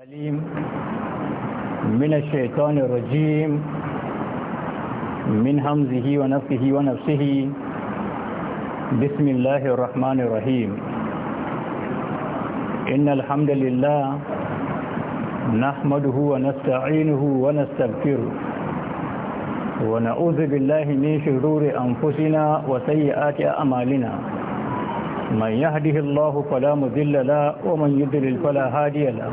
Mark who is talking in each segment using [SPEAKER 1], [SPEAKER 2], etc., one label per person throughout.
[SPEAKER 1] الحليم
[SPEAKER 2] من الشيطان الرجيم من همزه ونفسه ونفسه بسم الله الرحمن الرحيم إن الحمد لله نحمده ونستعينه ونستغفره ونعوذ بالله من شرور أنفسنا وسيئات أعمالنا من يهده الله فلا مذل له ومن يضلل فلا هادي له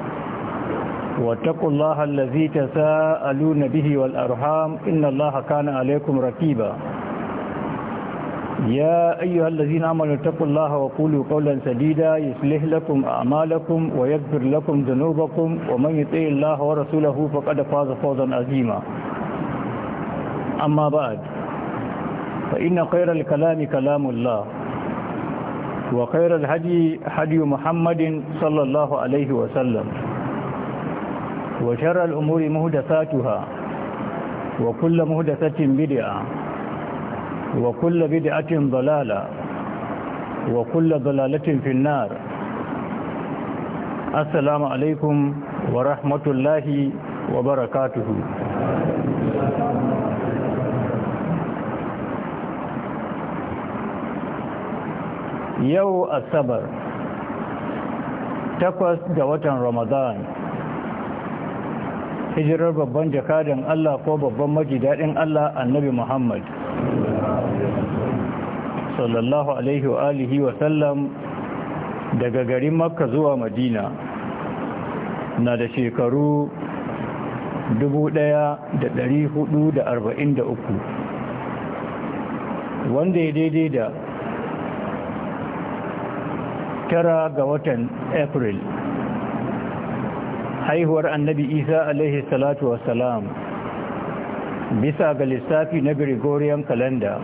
[SPEAKER 2] واتقوا الله الذي تساءلون به والأرحام إن الله كان عليكم ركيبا يا أيها الذين آمنوا اتقوا الله وقولوا قولا سديدا يصلح لكم أعمالكم ويغفر لكم ذنوبكم ومن يطع الله ورسوله فقد فاز فوزا عظيما أما بعد فإن خير الكلام كلام الله وخير الهدي هدي محمد صلى الله عليه وسلم وشر الأمور مهدساتها وكل مهدسة بدعة وكل بدعة ضلالة وكل ضلالة في النار السلام عليكم ورحمة الله وبركاته yau asabar takwas ga watan ramadan hijirar babban jakadan Allah ko babban Majidaɗin Allah annabi Muhammad sallallahu alaihi wa alihi wa sallam daga garin makka zuwa madina na da shekaru dubu ɗaya da da uku, wanda ya daidai da tara ga watan april haihuwar annabi isa alaihi salatu salam bisa ga lissafi na gregorian calendar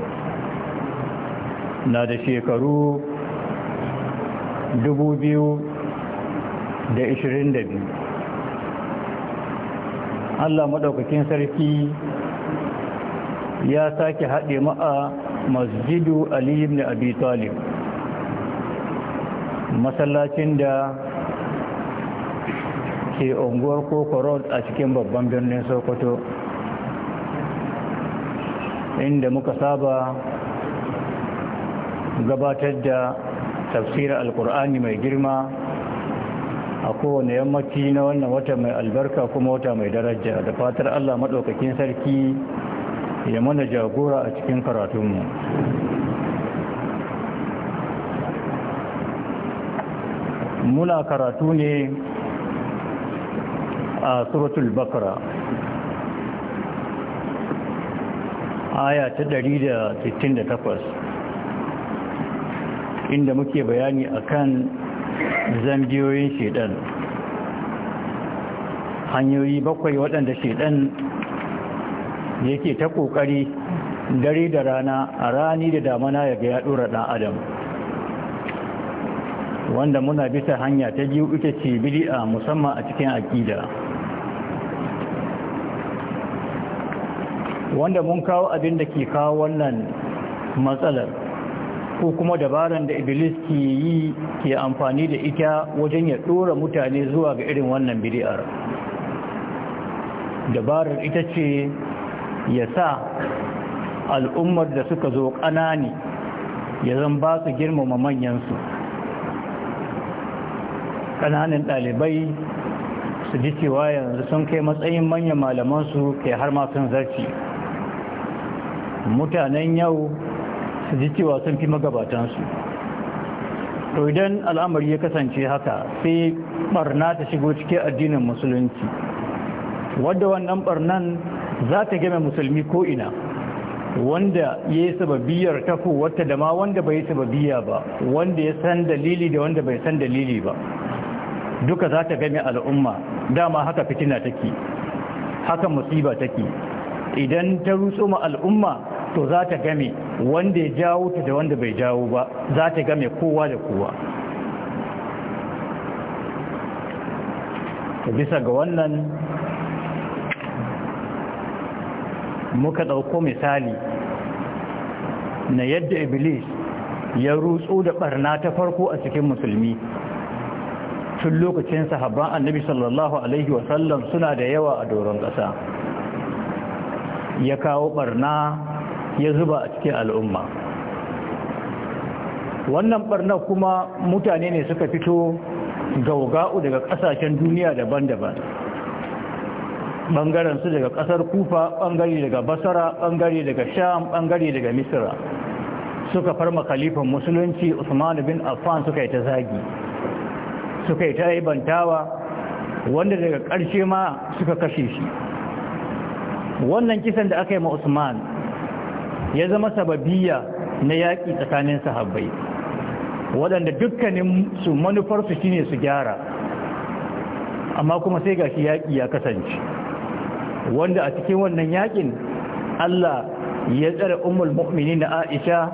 [SPEAKER 2] na da shekaru 2022 allah maɗaukakin sarki ya sake haɗe ma'a masjidu Aliyu ibn abi talib masallacin da ke unguwar koko a cikin babban birnin sokoto inda muka saba gabatar da tafsirar alkur'ani mai girma a kowane yammaci na wannan wata mai albarka kuma wata mai daraja da fatar allah maɗaukakin sarki ya mana jagora a cikin karatunmu muna karatu ne a suratul bakara aya ta da da sittin takwas, inda muke bayani akan zambiyoyin shedan hanyoyi bakwai waɗanda shedan yake ta ƙoƙari dare da rana a rani da damana ya ga yaɗo ɗora ɗan adam wanda muna bisa hanya ta biyu ita ce bid'a musamman a cikin aƙida. wanda mun kawo abin da ke kawo wannan matsalar ko kuma dabaran da iblis ke yi ke amfani da ita wajen ya dora mutane zuwa ga irin wannan biri'ar, dabarar ita ce ya sa al'ummar da suka zo ƙanani ya zan ba su girmama manyansu kananan ɗalibai su ji cewa yanzu sun kai matsayin manyan malamansu ke har ma zarci mutanen yau su ji cewa sun fi magabatansu to idan al'amari ya kasance haka sai barna ta shigo cikin addinin musulunci wadda wannan barnan za ta game musulmi ko'ina wanda ya yi sababiyar tafowar ta da ma wanda bai yi sababiya ba wanda ya san dalili da wanda bai san dalili ba duka za ta game al'umma dama haka fitina take haka musiba take idan ta ma al'umma to za ta game wanda ya jawo ta da wanda bai jawo ba za ta game kowa da kowa bisa ga wannan muka ɗauko misali na yadda iblis ya rutsu da ɓarna ta farko a cikin musulmi tun lokacin sahabban annabi sallallahu alaihi wasallam suna da yawa a doron ƙasa ya kawo barna ya zuba a cikin al'umma wannan barna kuma mutane ne suka fito gauga'u daga ƙasashen duniya daban-daban ɓangaren su daga ƙasar kufa ɓangare daga basara ɓangare daga sham ɓangare daga misira suka farma khalifan musulunci usman bin affan suka yi ta zagi suka yi ta bantawa wanda daga ƙarshe ma suka kashe shi wannan kisan da aka yi ma usman ya zama sababiya na yaƙi tsakanin sahabbai waɗanda dukkanin su manufarsu shine su gyara amma kuma sai gashi yaƙi ya kasance wanda a cikin wannan yaƙin Allah ya tsara tsare mumini na Aisha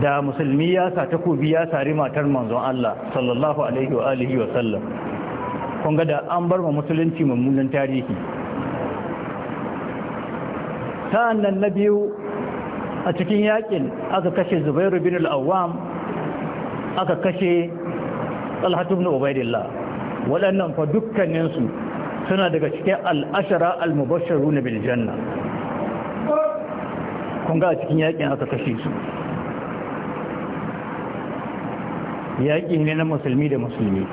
[SPEAKER 2] da musulmi ya sa takobi ya sari matar manzon Allah sallallahu alaihi wa alihi wa sallam kun ga da an bar ma musulunci mummunan tarihi sa'annan na biyu a cikin yakin aka kashe Zubairu bin al-Awwam aka kashe Talha ibn Ubaydillah waɗannan fa dukkaninsu suna daga cikin al-ashara al-mubashsharuna bil janna kun ga a cikin yakin aka kashe su yaƙi ne na musulmi da musulmi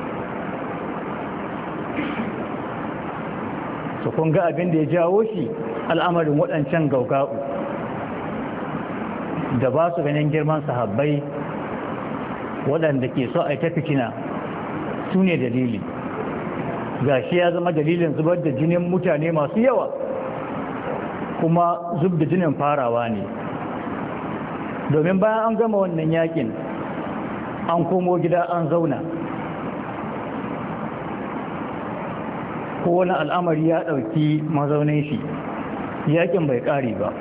[SPEAKER 2] su kun ga abin da ya jawo shi al'amarin waɗancan gauga'u da ba su ganin girman sahabbai waɗanda ke so a ta tafikina su ne dalili ga shi ya zama dalilin zubar da jinin mutane masu yawa kuma zub da jinin farawa ne domin bayan an gama wannan yakin an komo gida an zauna kowane al'amari ya ɗauki mazaunin shi yakin bai ƙari ba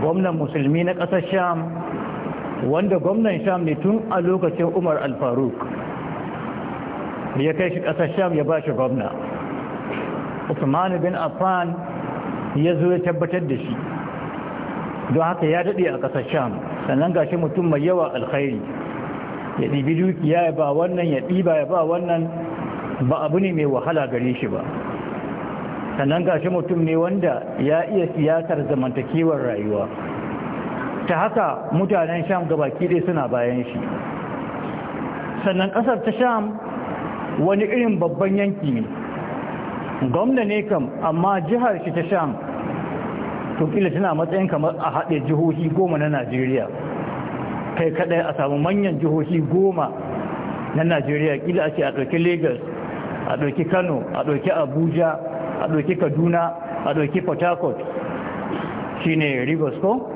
[SPEAKER 2] gwamnan musulmi na ƙasar sham wanda gwamnan sham ne tun a lokacin umar alfaruk ya kai shi ƙasar sham ya ba shi gwamna usman bin affan ya zo ya tabbatar da shi don haka ya daɗe a ƙasar sham sannan gashi mutum mai yawa alkhairi ya ɗibi dukiya ya ba wannan ya ɗiba ya ba wannan ba abu ne mai wahala gare shi ba sannan gashi mutum ne wanda ya iya siyasar zamantakewar rayuwa ta haka mutanen sham gabaki ɗaya suna bayan shi sannan ƙasar ta sham wani irin babban yanki ne gwamna ne kam amma jihar shi ta sham to tana matsayin kamar a haɗe jihohi goma na najeriya kai kadai a samu manyan jihohi goma na najeriya kila a ce a ɗauki lagos a ɗauki kano a ɗauki abuja a ɗauki kaduna a ɗauki port harcourt shi ne rivers ko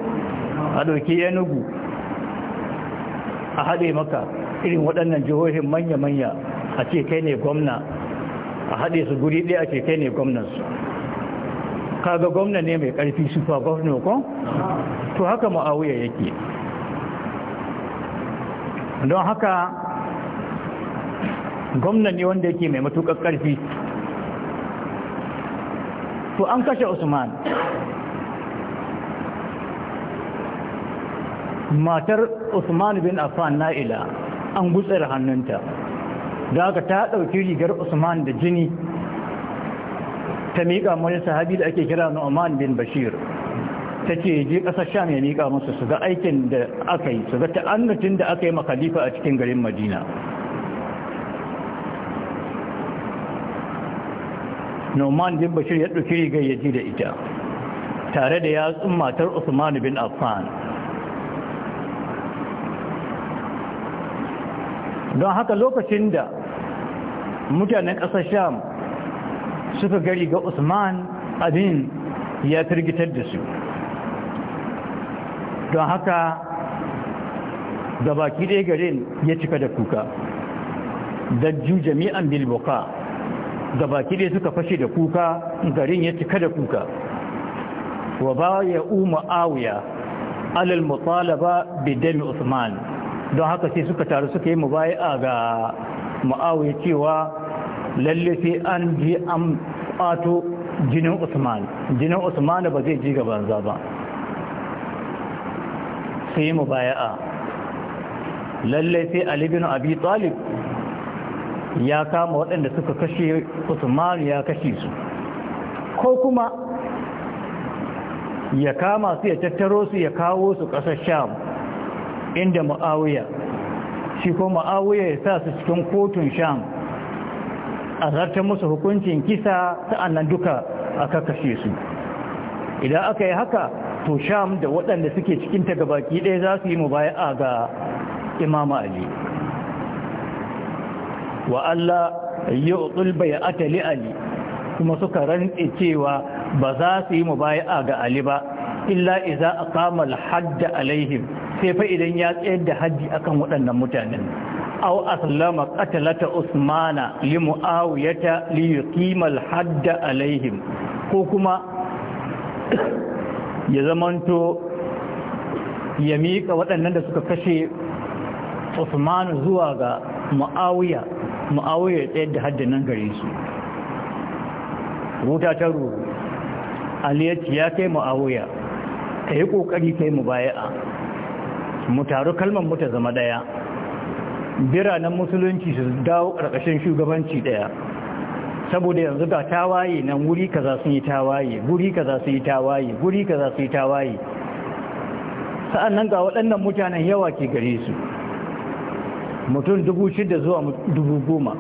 [SPEAKER 2] a ɗauki enugu a haɗe maka irin waɗannan jihohin manya-manya a ce kai ne gwamna a haɗe su guri ɗaya a ce kai ne gwamnansu kaga gwamna ne mai ƙarfi su fa gwamna ko to haka ma'awuyar yake don haka gwamna ne wanda yake mai matukar ƙarfi to an kashe usman matar usman bin affan na'ila an gutsar hannunta da aka ta ɗauki rigar usman da jini ta miƙa wani sahabi da ake kira na bin bashir ta ce je ƙasar sham ya miƙa musu su ga aikin da aka yi su ga ta'annatin da aka yi ma khalifa a cikin garin madina noman bin bashir ya ɗauki rigar ya ji da ita tare da yatsun matar usman bin affan don haka lokacin da mutanen ƙasar sham suka gari ga usman abin ya firgitar da su don haka gabaki ɗaya garin ya cika da kuka da jami'an bilboka gabaki ɗaya suka fashe da kuka garin ya cika da kuka wa ba ya umu awuya alal mutalaba bidami usman don haka sai suka taru suka yi mubaya ga ma'awuya cewa lalle sai an ji an ɓato jinin usman jinin usman ba zai ji gaban za ba aka yi mubaya'a lallai sai Ali bin Abi Talib ya kama waɗanda suka kashe Usman ya kashe su ko kuma ya kama su ya tattaro su ya kawo su ƙasar Sham inda Muawiya shi ko Muawiya ya sa su cikin kotun Sham a musu hukuncin kisa ta annan duka aka kashe su idan aka yi haka wato sham da waɗanda suke cikin ta gabaki ɗaya za su yi mubaya'a ga Imama ali wa Allah yi utul atali ali kuma suka rantse cewa ba za su yi mubaya'a ga ali ba illa iza a al-hadd alaihim sai fa idan ya tsayar da hajji akan waɗannan mutanen Au aslama qatalata usmana li muawiyata li yuqima hadd alaihim ko kuma ya zamanto ya miƙa waɗannan da suka kashe Usman zuwa ga Muawiya Muawiya tsayar da gare su wuta ta ruru aliyaci ya kai Muawiya ka yi ƙoƙari kai mu baya'a mu taru kalmar mu ta zama ɗaya biranen musulunci su dawo ƙarƙashin shugabanci ɗaya saboda yanzu ga tawaye nan wuri za su yi tawaye wuri za su yi tawaye wuri za su yi tawaye sa'an nan ga waɗannan mutanen yawa ke gare su mutum dubu shida zuwa dubu goma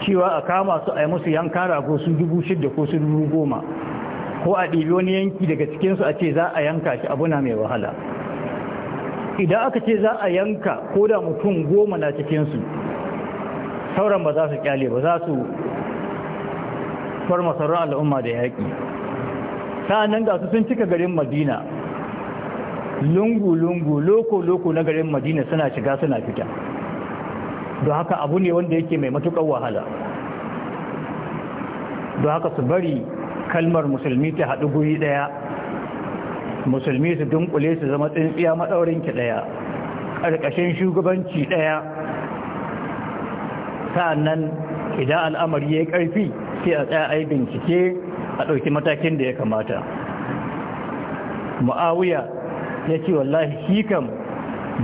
[SPEAKER 2] cewa a kama su a yi musu yanka rago su dubu shida ko su dubu goma ko a ɗibi wani yanki daga cikinsu a ce za a yanka shi abuna mai wahala idan aka ce za a yanka ko da mutum goma na cikinsu sauran ba za su kyale ba za su farma sauran al'umma da yaƙi nan ga su sun cika garin madina lungu-lungu loko-loko na garin madina suna shiga suna fita don haka abu ne wanda yake mai matuƙar wahala don haka su bari kalmar musulmi ta haɗu guri ɗaya musulmi su dunkule su zama tsintsiya maɗaurinki ɗaya ƙarƙashin shugabanci ɗaya nan, idan al'amari ya yi ƙarfi sai a tsaya a yi bincike a ɗauki matakin da ya kamata ma'awuya ya ce wallahi shi kam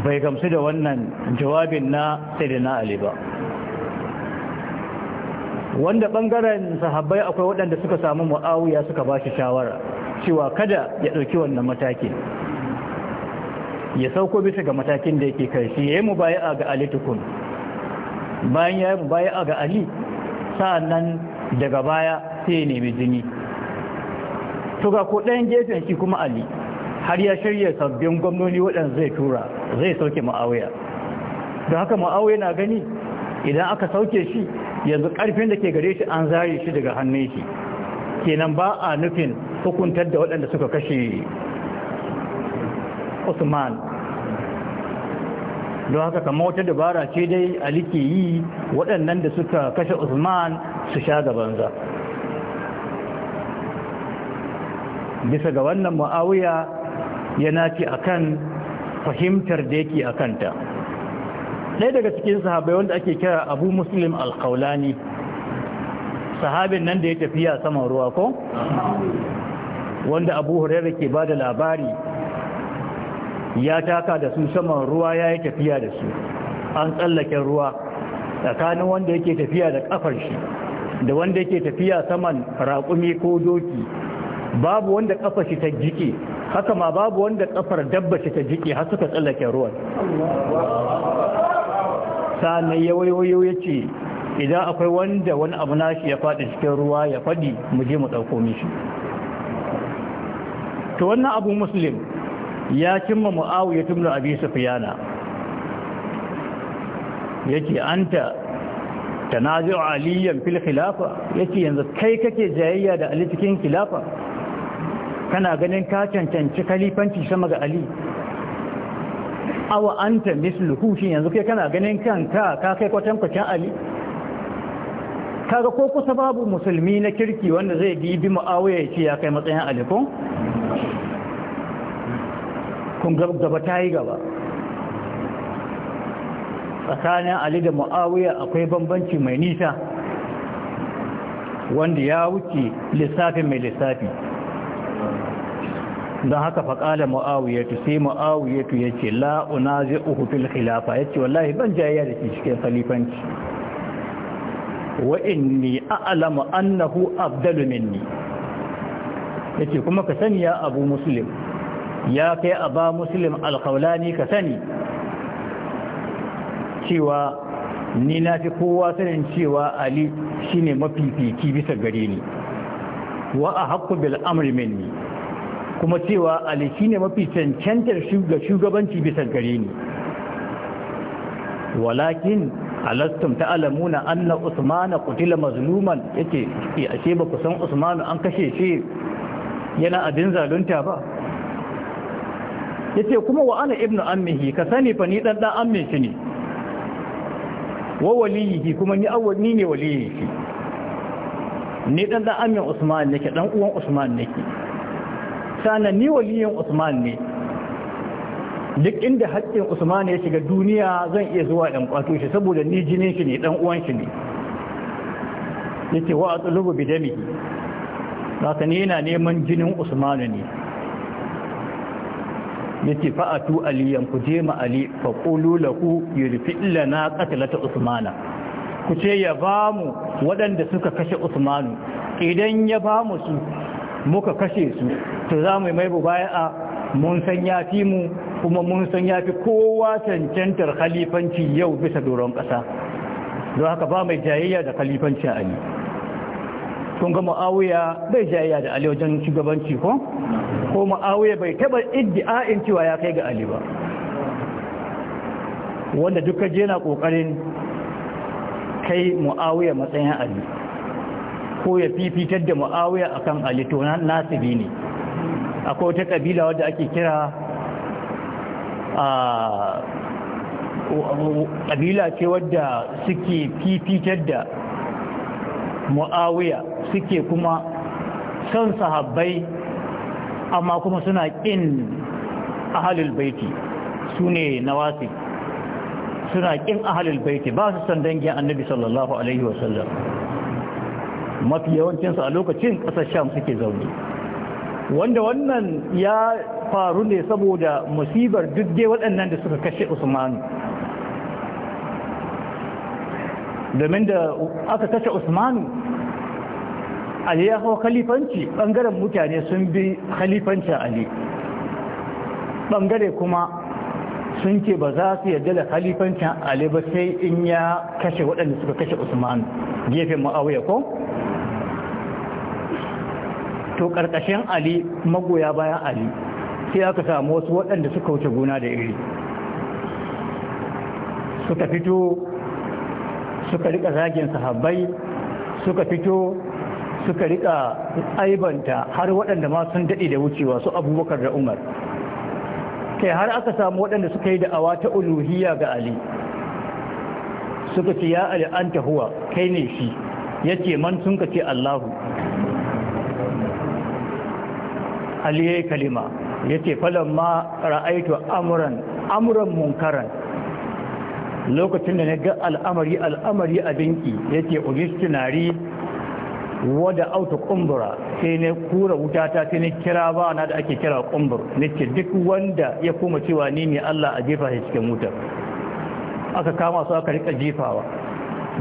[SPEAKER 2] bai gamsu da wannan jawabin na sai da na ali ba wanda ɓangaren sahabbai akwai waɗanda suka samu ma'awuya suka ba shi shawara cewa kada ya ɗauki wannan matakin. ya sauko bisa ga matakin da yake karshe ya yi mu baya ga alitukun bayan ya yi a ga ali nan daga baya sai ya nemi jini to ko ɗayan gefen shi kuma ali har ya shirya sabbin gwamnoni waɗanda zai tura zai sauke ma'auya Da haka ma'auya na gani idan aka sauke shi yanzu ƙarfin da ke gare shi an zare shi daga hannun shi kenan ba a nufin hukuntar da waɗanda suka kashe usman don haka kama wata dabara ce dai ali ke yi waɗannan da suka kashe usman su sha gabanza bisa ga wannan ma'awuya yana ce akan fahimtar da yake a kanta ɗaya daga cikin sahabai wanda ake kira abu muslim alkaulani sahabin nan da ya tafiya saman ruwa ko wanda abu hurairu ke ba da labari ya taka da su saman ruwa ya yi tafiya da su an tsallake ruwa tsakanin wanda yake tafiya da kafar shi da wanda yake tafiya saman raƙumi ko doki babu wanda kafar shi ta jike haka ma babu wanda kafar dabba shi ta jike har suka tsallake ruwan sannan ya wayoyo ya ce idan akwai wanda wani abu nashi ya faɗi cikin ruwa ya faɗi mu je mu ɗauko mishi to wannan abu muslim ya cimma mu'awiyar tumnu abi sufiyana yake anta tanazu aliyan fil khilafa yake yanzu kai kake jayayya da ali cikin khilafa kana ganin ka cancanci khalifanci sama ga ali awa anta misluhu shi yanzu kai kana ganin kanka ka kai kwatan kwatankwacin ali kaga ko kusa babu musulmi na kirki wanda zai gibi mu'awiya ya ya kai matsayin alikun kun gaba ta yi gaba tsakanin ali da ma'awiya akwai bambanci mai nisa wanda ya wuce lissafin mai lissafi don haka faƙala ma'awiyatu sai ma'awiyatu ya ce la'una zai uku fil khilafa ya ce wallahi ban jayayya da cikin khalifanci wa'inni a'alamu annahu abdalu minni ya ce kuma ka sani ya abu musulmi ya kai a ba muslim alkaulani ka sani cewa ni na fi kowa sanin cewa ali shine mafifiki bisa gare ni wa a haƙƙo bil amri kuma cewa ali shine mafi cancantar shugabanci bisa gare ni walakin alastum an na usmanu kutila mazluman yake eh, ashe ba ku san usmanu an kashe shi yana abin zalunta ba yace kuma wa ana ibnu ammihi ka sani fa ni dan dan ammin shi ne wa waliyihi kuma ni ni ne waliyihi ni dan dan ammin Usman nake dan uwan Usman nake sana ni waliyin Usman ne duk inda haƙƙin Usman ya shiga duniya zan iya zuwa ɗan kwato shi saboda ni jinin shi ne dan uwan shi ne yace wa atlubu bidami ka ne yana neman jinin Usman ne yace fa'atu Ali ku je ma ali fa qulu lahu yurfi lana qatlata usmana ku ce ya bamu waɗanda suka kashe usmanu idan ya bamu su muka kashe su to za mu mai a mun san ya fi mu kuma mun san ya fi kowa cancantar khalifanci yau bisa doron ƙasa don haka ba mai jayayya da khalifanci ali kun ga mu'awiya bai jayayya da ali wajen shugabanci ko ko mu'awiya bai taba iddi'a'in cewa ya kai ga ali ba wanda duka je na kokarin kai ma'awuya matsayin ali ko ya fifitar da mu'awiya akan ali to nan nasibi ne akwai wata kabila wadda ake kira a kabila ce wadda suke fifitar da mu'awiya suke kuma son sahabbai amma kuma suna ƙin ahalul baiti su ne nawasi suna ƙin ahalul baiti ba su son dangin annabi sallallahu alaihi wasallam mafi yawancinsu a lokacin ƙasar sham suke zaune wanda wannan ya faru ne saboda musibar duk dai waɗannan da suka kashe usmanu domin da aka kashe usmanu ali ya hau khalifanci bangaren mutane sun bi khalifancin ali ɓangare kuma sun ce ba za su yarda da khalifancin ali ba sai in ya kashe waɗanda suka kashe usmanu gefen ma'auya ko to ƙarƙashin ali magoya bayan ali sai aka samu wasu waɗanda suka wuce guna da iri suka fito suka rika zagin sahabbai suka fito suka rika aibanta har waɗanda ma sun daɗe da wucewa su abubakar da umar kai har aka samu waɗanda suka yi da'awa ta uluhiyya ga ali suka ce ya ali an huwa kai ne shi ya ce man sun ka ce allahu ali ya yi kalima ya ce falon ma ra'aito amuran munkaran lokacin da na ga al'amari al'amari a dinki yake ugistinari wadda auta kumbura sai na kura wuta ta sai na kira ba na da ake kira kumbur nake duk wanda ya koma cewa ni ne Allah a jefa shi cikin wuta aka kama su aka rika jefawa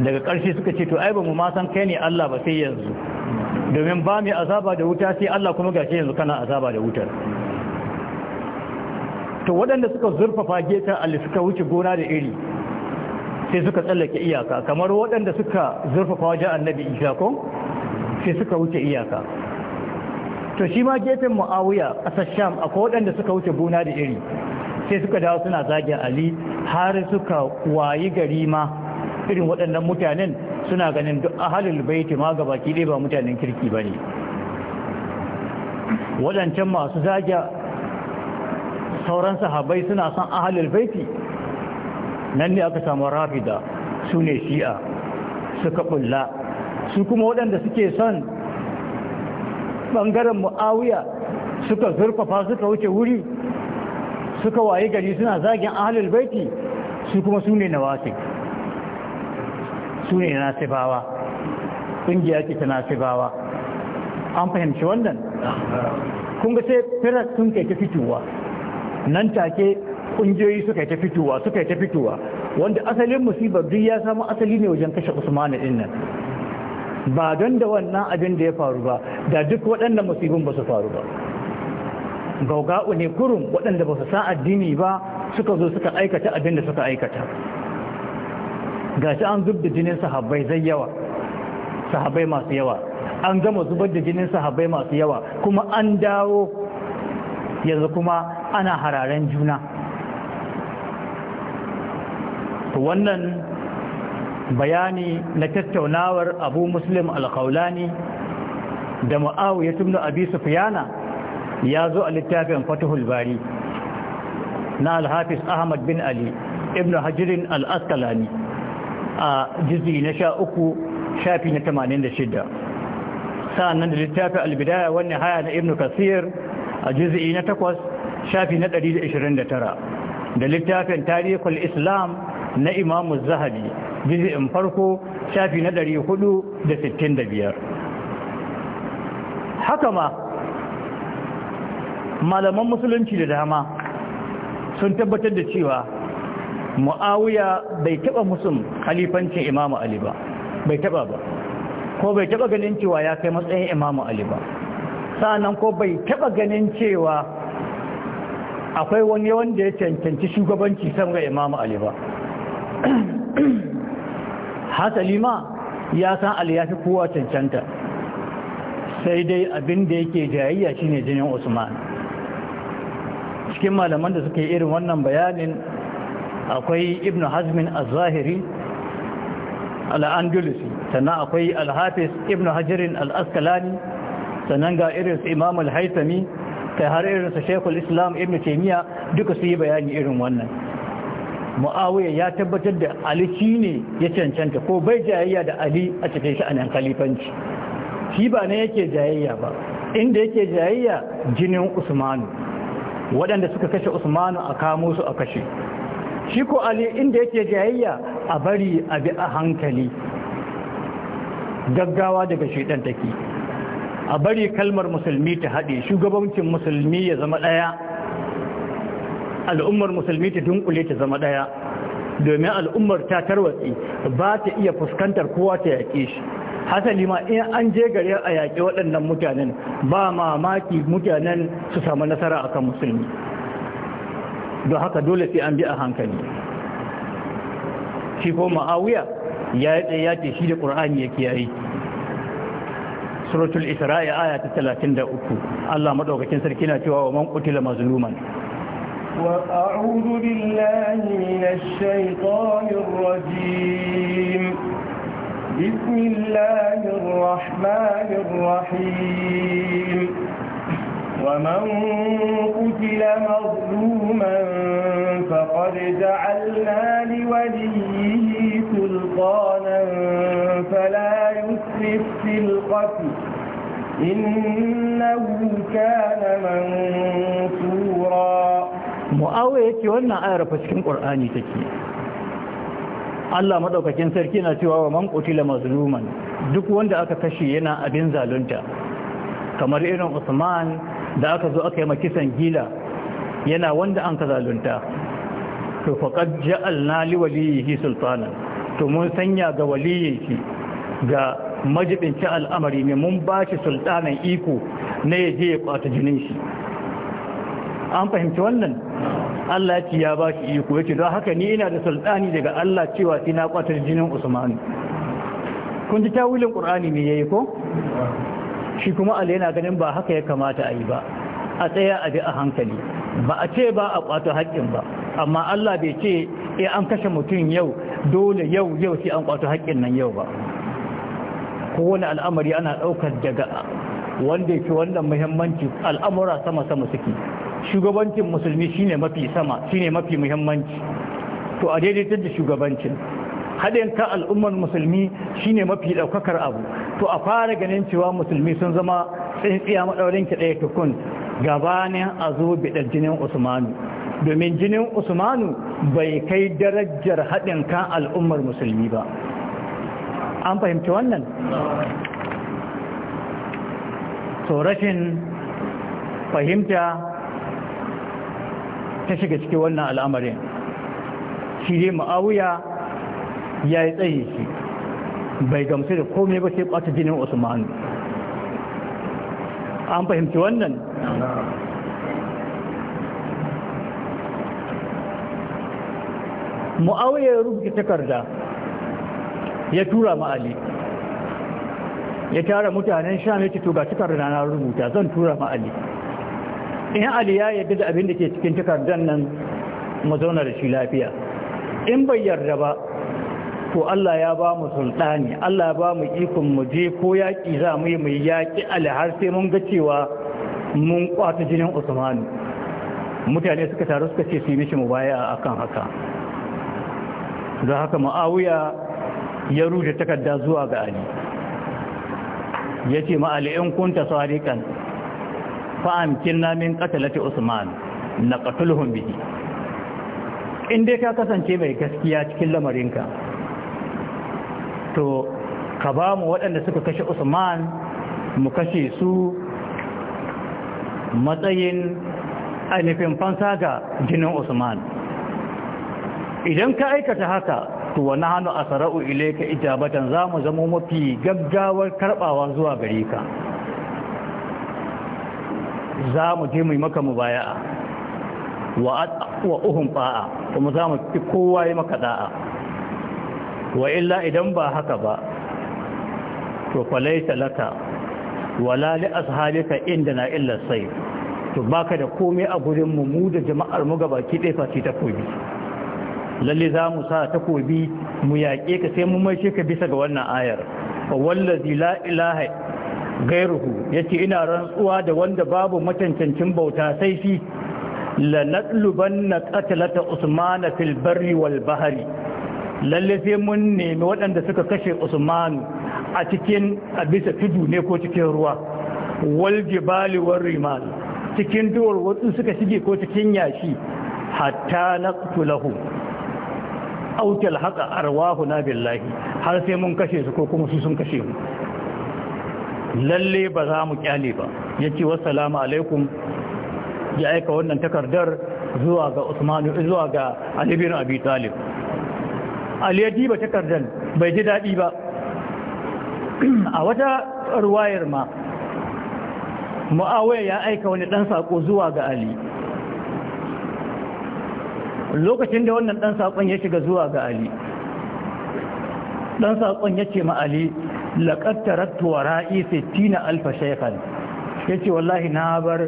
[SPEAKER 2] daga ƙarshe suka ce to ai ba mu ma san kai ne Allah ba sai yanzu domin ba mai azaba da wuta sai Allah kuma gashi yanzu kana azaba da wutar to waɗanda suka zurfafa geta alli suka wuce gona da iri sai suka tsallake iyaka kamar waɗanda suka zurfafa wajen annabi isa ko sai suka wuce iyaka to shi ma gefen ma'awuya ƙasar sham akwai waɗanda suka wuce buna da iri sai suka dawo suna zagin ali har suka wayi gari ma irin waɗannan mutanen suna ganin duk a halin baiti ma ga baki ɗaya ba mutanen kirki ba ne waɗancan masu zagin sauran sahabai suna son ahalul baiti nan ne aka samu rafida su ne shi'a suka bulla su kuma waɗanda suke son ɓangaren mu'awiya suka zurfafa suka wuce wuri suka waye gari suna zagin ahalul baiti su kuma su ne nawasik su ne nasibawa ƙungiya ce ta nasibawa an fahimci wannan kunga sai firar sun kai ta fitowa nan take kungiyoyi suka yi ta fitowa suka yi ta fitowa wanda asalin musibar duk ya samu asali ne wajen kashe usmanu din nan ba don da wannan abin da ya faru ba da duk waɗanda musibin ba su faru ba gauga'u ne kurum waɗanda ba su san addini ba suka zo suka aikata abin da suka aikata gashi an zub da jinin sahabbai zai yawa sahabbai masu yawa an gama zubar da jinin sahabbai masu yawa kuma an dawo yanzu kuma ana hararen juna wannan bayani na tattaunawar abu muslim alkaulani da ma'awu ya tumna abi fiyana ya zo a littafin fatihul bari na Alhafis ahmad bin ali ibn hajjirin al'askalani a jizi na sha uku shafi na tamanin da shida sa'annan da littafin albidaya wani haya na ibn kasir a jizi na takwas shafi na 129 da littafin tarihul islam na imamu zahabi juz'in farko shafi na 465 haka ma malaman musulunci da dama sun tabbatar da cewa mu'awiya bai taba musum khalifancin imamu ali ba bai taba ba ko bai taba ganin cewa ya kai matsayin imamu ali ba sa'annan ko bai taba ganin cewa akwai wani wanda ya cancanci shugabanci sama ga imamu ali ba hasali ma ya san ali ya fi kowa cancanta sai dai abin da yake jayayya shine jinin usman cikin malaman da suka yi irin wannan bayanin akwai ibn hazmin al-zahiri al-andalusi sannan akwai al-hafiz ibn hajirin al-askalani sannan ga irinsu imam al-haitami kai har irinsu shekul islam ibn taimiyya duka su yi bayani irin wannan mu'awiya ya tabbatar da ali shi ne ya cancanta ko bai jayayya da ali a cikin sha'anin kalifanci shi ba na yake jayayya ba inda yake jayayya jinin usmanu waɗanda suka kashe usmanu a kamo su a kashe shi ko ali inda yake jayayya a bari a bi a hankali gaggawa daga shaidan take a bari kalmar musulmi ta haɗe shugabancin musulmi ya zama ɗaya al'ummar musulmi ta dunkule ta zama ɗaya, domin al'ummar ta tarwatsi ba ta iya fuskantar kowa ta yaƙe shi hasali ma in an je gare a yaƙi waɗannan mutanen ba mamaki mutanen su samu nasara a kan musulmi don haka dole sai an bi a hankali shi ko ma'awuya ya yi tsaye ya ce shi da ƙur'ani ya kiyaye suratul isra'i aya ta 33 Allah madaukakin sarki na cewa wa man qutila mazluman وأعوذ بالله من الشيطان الرجيم بسم الله الرحمن الرحيم ومن قتل مظلوما فقد جعلنا لوليه سلطانا فلا يسرف في القتل إنه كان منصورا mu'awiya yake wannan ayar fa cikin qur'ani take Allah maɗaukakin sarki na cewa wa man qutila mazluman duk wanda aka kashe yana abin zalunta kamar irin Usman da aka zo aka yi makisan gila yana wanda an ka zalunta to faqad ja'alna li waliyhi sultana to mun sanya ga waliyyi ga majibinci al'amari ne mun ba shi sultanan iko na yaje ya kwata jinin shi an fahimci wannan Allah ya ya ba shi iko yace don haka ni ina da sultani daga Allah cewa sai na kwatar jinin Usman kun ji tawilin Qur'ani ne yayi ko shi kuma Allah yana ganin ba haka ya kamata a yi ba a tsaya a bi a hankali ba a ce ba a kwato haƙƙin ba amma Allah bai ce eh an kashe mutum yau dole yau yau sai an kwato haƙƙin nan yau ba kowane al'amari ana ɗaukar daga wanda yake wannan muhimmanci al'amura sama sama suke shugabancin musulmi shine mafi sama shine mafi muhimmanci to a daidaita da shugabancin haɗin ka al'ummar musulmi shine mafi ɗaukakar abu to a fara ganin cewa musulmi sun zama tsintsiya maɗaurin ki ɗaya tukun gabanin a zo biɗar jinin usmanu domin jinin usmanu bai kai darajar haɗin kan al'ummar musulmi ba an fahimci wannan so rashin fahimta ta shiga cikin wannan al'amarin shi dai ma'awuya ya yi tsaye shi bai gamsu da komai ba sai ɓata jinin osmanu, an fahimci wannan ma'awuya ya rubuta takarda ya tura ma'ali ya tara mutanen sha mai ce ga takarda na rubuta zan tura ma'ali in ali ya yarda da abin da ke cikin takardar nan mu zauna da shi lafiya in bai yarda ba to Allah ya ba mu sultani Allah ya ba mu ikon mu je ko yaki za mu yi mu yaƙi ali har sai mun ga cewa mun kwata jinin Usmanu mutane suka taru suka ce su yi mishi mubaya akan haka don haka Muawiya ya rubuta takarda zuwa ga ali yace ce ma'ali in kunta sadiqan fa'amkinna min qatalati usman naqtuluhum bihi in dai ka kasance mai gaskiya cikin lamarinka to ka ba mu waɗanda suka kashe usman mu kashe su matsayin ainihin fansa ga jinin usman idan ka aikata haka to wani hannu a sara'u ile ka ijabatan za mu zama mafi gaggawar karɓawa zuwa gare ka za mu je mu maka mubaya'a wa wa uhun fa'a kuma za mu fi kowa yi maka da'a wa illa idan ba haka ba to falaita laka wala li inda na illa sai to baka da komai a gurin mu mu da jama'ar mu gabaki ɗaya face takobi lalle za mu sa takobi mu yaƙe ka sai mu mai ka bisa ga wannan ayar wallazi la ilaha gairuhu yace ina rantsuwa da wanda babu matancancin bauta sai shi lanatlubanna qatlata usmana fil barri wal bahri lalle sai mun nemi waɗanda suka kashe usmanu a cikin abisa tudu ne ko cikin ruwa wal jibali rimal cikin duwar wasu suka shige ko cikin yashi hatta naqtulahu autal haka arwahuna billahi har sai mun kashe su ko kuma su sun kashe mu lalle ba za mu kyale ba ya ce wasu salamu alaikum ya aika wannan takardar zuwa ga usman zuwa ga ali bin abi talib ali ya takardar bai ji daɗi ba a wata ruwayar ma ma'awai ya aika wani ɗan saƙo zuwa ga ali lokacin da wannan ɗan saƙon ya shiga zuwa ga ali ɗan saƙon ya ce ma ali laƙar tarattu wa ra'i 60 alfa shaikan ya ce wallahi na bar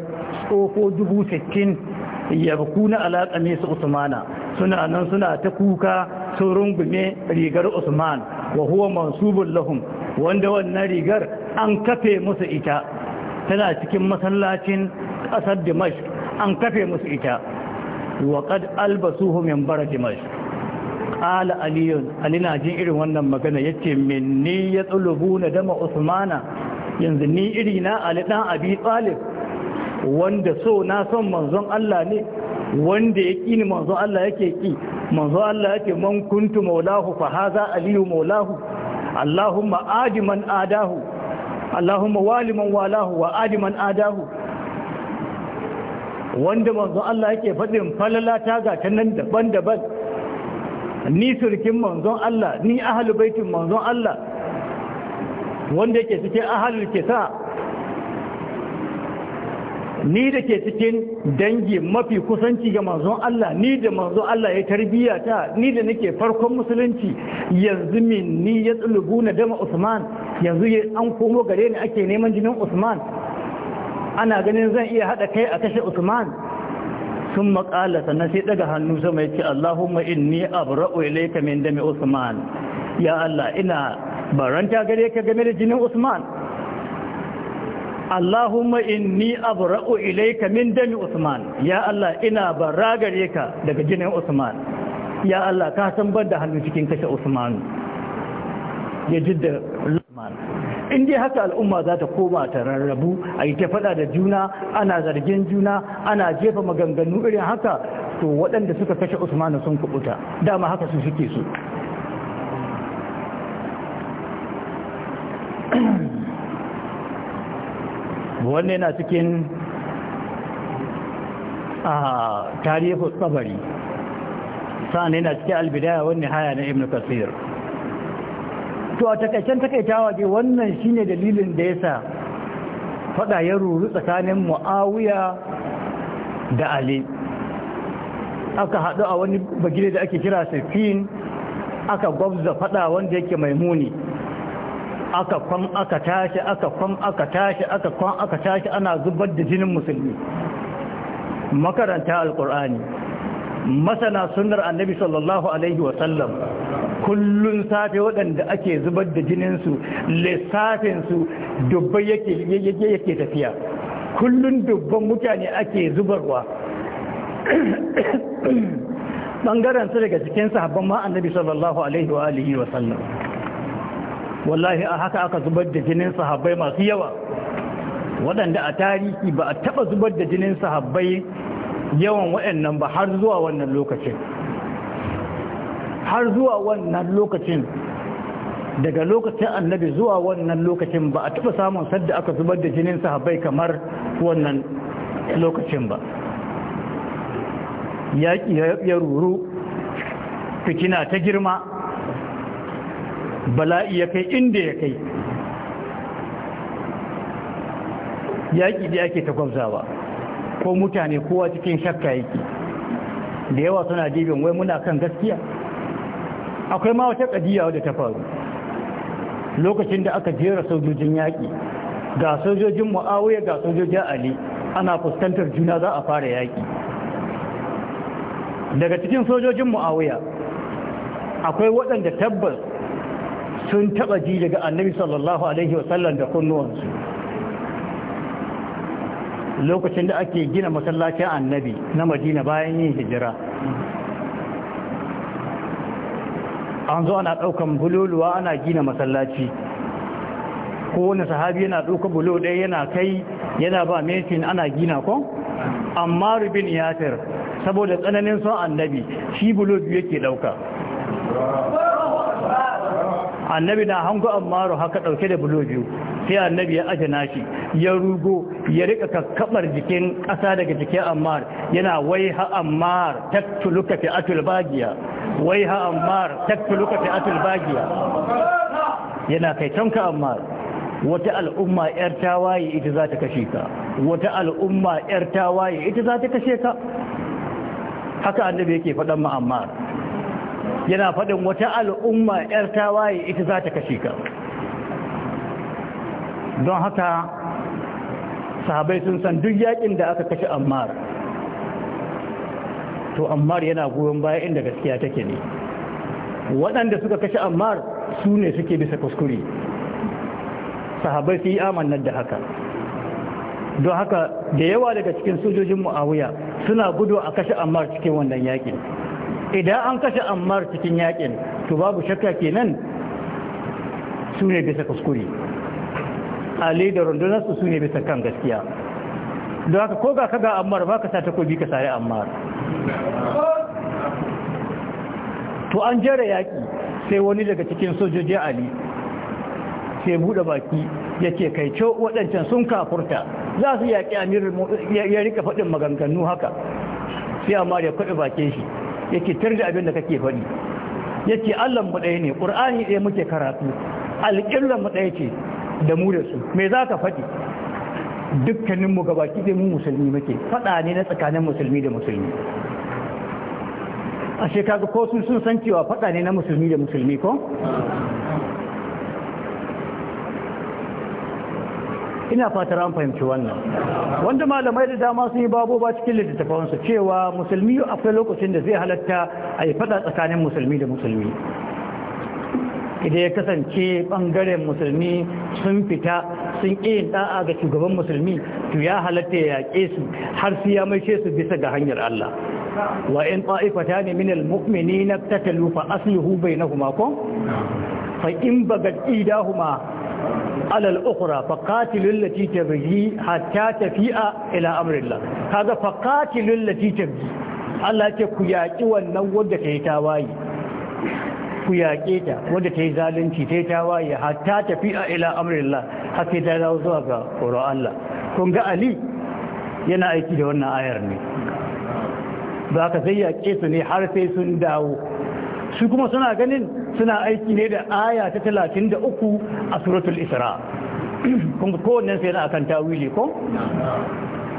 [SPEAKER 2] tsoko 60 baku na alaƙa su usmana suna nan suna ta kuka sun rungume rigar usman wa huwa mansubun lahum wanda wannan rigar an kafe musu ita tana cikin masallacin ƙasar dimash an kafe musu ita wa kad albasuhu min bara dimash qala aliyun ali na jin irin wannan magana yace minni na dama usmana yanzu ni iri na ali dan abi talib wanda so na son manzon Allah ne wanda ya ƙi ni manzon Allah yake ƙi manzon Allah yake man kuntu maulahu fa haza aliyu maulahu Allahumma adiman adahu Allahumma waliman walahu wa adiman adahu wanda manzon Allah yake faɗin falala ta ga ta nan daban-daban ni surkin manzon Allah ni ahlul baitin manzon Allah wanda yake cikin ahlul kisa ni da ke cikin dangi mafi kusanci ga manzon Allah ni da manzon Allah ya tarbiya ta ni da nake farkon musulunci yanzu min ni ya tsulubu na dama Usman yanzu an komo gare ni ake neman jinin Usman ana ganin zan iya haɗa kai a kashe Usman sun makala sannan sai daga hannu sama ya ce Allahumma inni abra'u ilayka min dami Usman ya Allah ina baranta gare ka game da jinin Usman Allahumma inni abra'u ilayka min dami Usman ya Allah ina bara gare ka daga jinin Usman ya Allah ka san ban da hannu cikin kashe Usman ya jidda in dai haka al'umma za ta koma ta rarrabu a yi ta faɗa da juna ana zargin juna ana jefa maganganu irin haka to waɗanda suka kashe usmanu sun kubuta dama haka su suke su wannan yana cikin a tsabari sa'an yana cikin albidaya wani haya na ibn kasir to a takaicen takaitawa dai wannan shine dalilin da yasa fada ya ruru tsakanin muawiya da ali aka haɗu a wani bagire da ake kira sifin aka gwabza fada wanda yake mai muni aka kwan aka tashi aka kwan aka tashi aka kwan aka tashi ana zubar da jinin musulmi makaranta alkur'ani masana sunnar annabi sallallahu alaihi wasallam kullun safe waɗanda ake zubar da jininsu lissafinsu dubbai yake tafiya kullun dubban mutane ake zubarwa ɓangaren su daga cikin habban ma annabi sallallahu alaihi wa alihi wa sallam wallahi a haka aka zubar da jinin sahabbai masu yawa waɗanda a tarihi ba a taɓa zubar da jinin sahabbai yawan waɗannan ba har zuwa wannan lokacin har zuwa wannan lokacin daga lokacin annabi zuwa wannan lokacin ba a taɓa samun sadda aka zubar da jinin sahabbai kamar wannan lokacin ba yaƙi ya ruru fitina ta girma bala'i ya kai inda ya kai yaƙi da ake takwamzawa ko mutane kowa cikin shakka yake da yawa suna jibin wai muna kan gaskiya akwai ma wata kadiya wadda ta faru lokacin da aka jera sojojin yaƙi ga sojojin mu'awuyar ga sojojin ali ana fuskantar juna za a fara yaƙi daga cikin sojojin mu'awuyar akwai waɗanda tabbas sun taɓa ji daga annabi sallallahu alaihi wasallam da kunnuwansu lokacin da ake gina masallacin annabi na madina bayan yin hijira an zo ana ɗaukan bululuwa ana gina masallaci kowane sahabi yana ɗauka bulo ɗaya yana kai yana ba mesin ana gina ko amma rubin yatir saboda tsananin son annabi shi bulo biyu yake ɗauka annabi na hango ammaru haka ɗauke da bulo biyu sai annabi ya aje nashi ya rugo ya rika kakkabar jikin ƙasa daga jikin ammar yana wai ha ammar taktuluka fi atul bagiya wai ha ammar taktuluka fi atul bagiya yana kai canka ammar wata al'umma 'yar tawaye ita za ta kashe ka wata al'umma 'yar tawaye ita za ta kashe ka haka annabi yake faɗan ammar yana faɗin wata al'umma 'yar tawaye ita za ta kashe ka don haka sahabai sun san duk yakin da aka kashe ammar to ammar yana goyon baya inda gaskiya take ne waɗanda suka kashe ammar su ne suke bisa kuskure sahabai su yi amannan da haka don haka da yawa daga cikin sojojin mu'awuya suna gudu a kashe ammar cikin wannan yakin idan an kashe ammar cikin yakin to babu shakka kenan su ne bisa kuskure ali da Rundunar su ne bisa kan gaskiya don haka ko ga kaga ammar ba ka sa takobi ka sare ammar to an jera yaki sai wani daga cikin sojoji ali sai buɗe baki ya ce kai co waɗancan sun kafurta za su yaƙi amir ya rika faɗin maganganu haka sai amma ya kwaɗe bakin shi yake tirda abin da kake faɗi yake Allah mu ɗaya ne Qur'ani ɗaya muke karatu alƙirran mu ɗaya ce da mu da su me zaka faɗi dukkanin mu gabaki ɗaya mu musulmi muke faɗa ne na tsakanin musulmi da musulmi a shekaru ko sun sun san cewa faɗa ne na musulmi da musulmi ko ina fatar an fahimci wannan wanda malamai da dama sun yi babo ba cikin littattafansu cewa musulmi akwai lokacin da zai halatta a yi fada tsakanin musulmi da musulmi idan ya kasance bangaren musulmi sun fita sun ƙi da'a ga shugaban musulmi to ya halatta ya yaƙe su har su ya maishe su bisa ga hanyar Allah wa in ta'ifata ne minal mu'minina tatalu fa aslihu bainahuma ko fa in bagat idahuma alal ukura, faqatilul lati tabghi hatta tafi'a ila amrillah kaga faqatilul lati tabghi Allah ce ku yaƙi wannan wanda ta yi tawaye ku yaƙe ta wanda ta yi zalunci ta yi tawaye hatta tafi'a ila amrillah har sai ta dawo zuwa ga tsoron Allah kun ga Ali yana aiki da wannan ayar ne ba ka sai yaƙe su ne har sai sun dawo su kuma suna ganin suna aiki ne da aya ta 33 a suratul isra kuma kowannen sai na akan tawili ko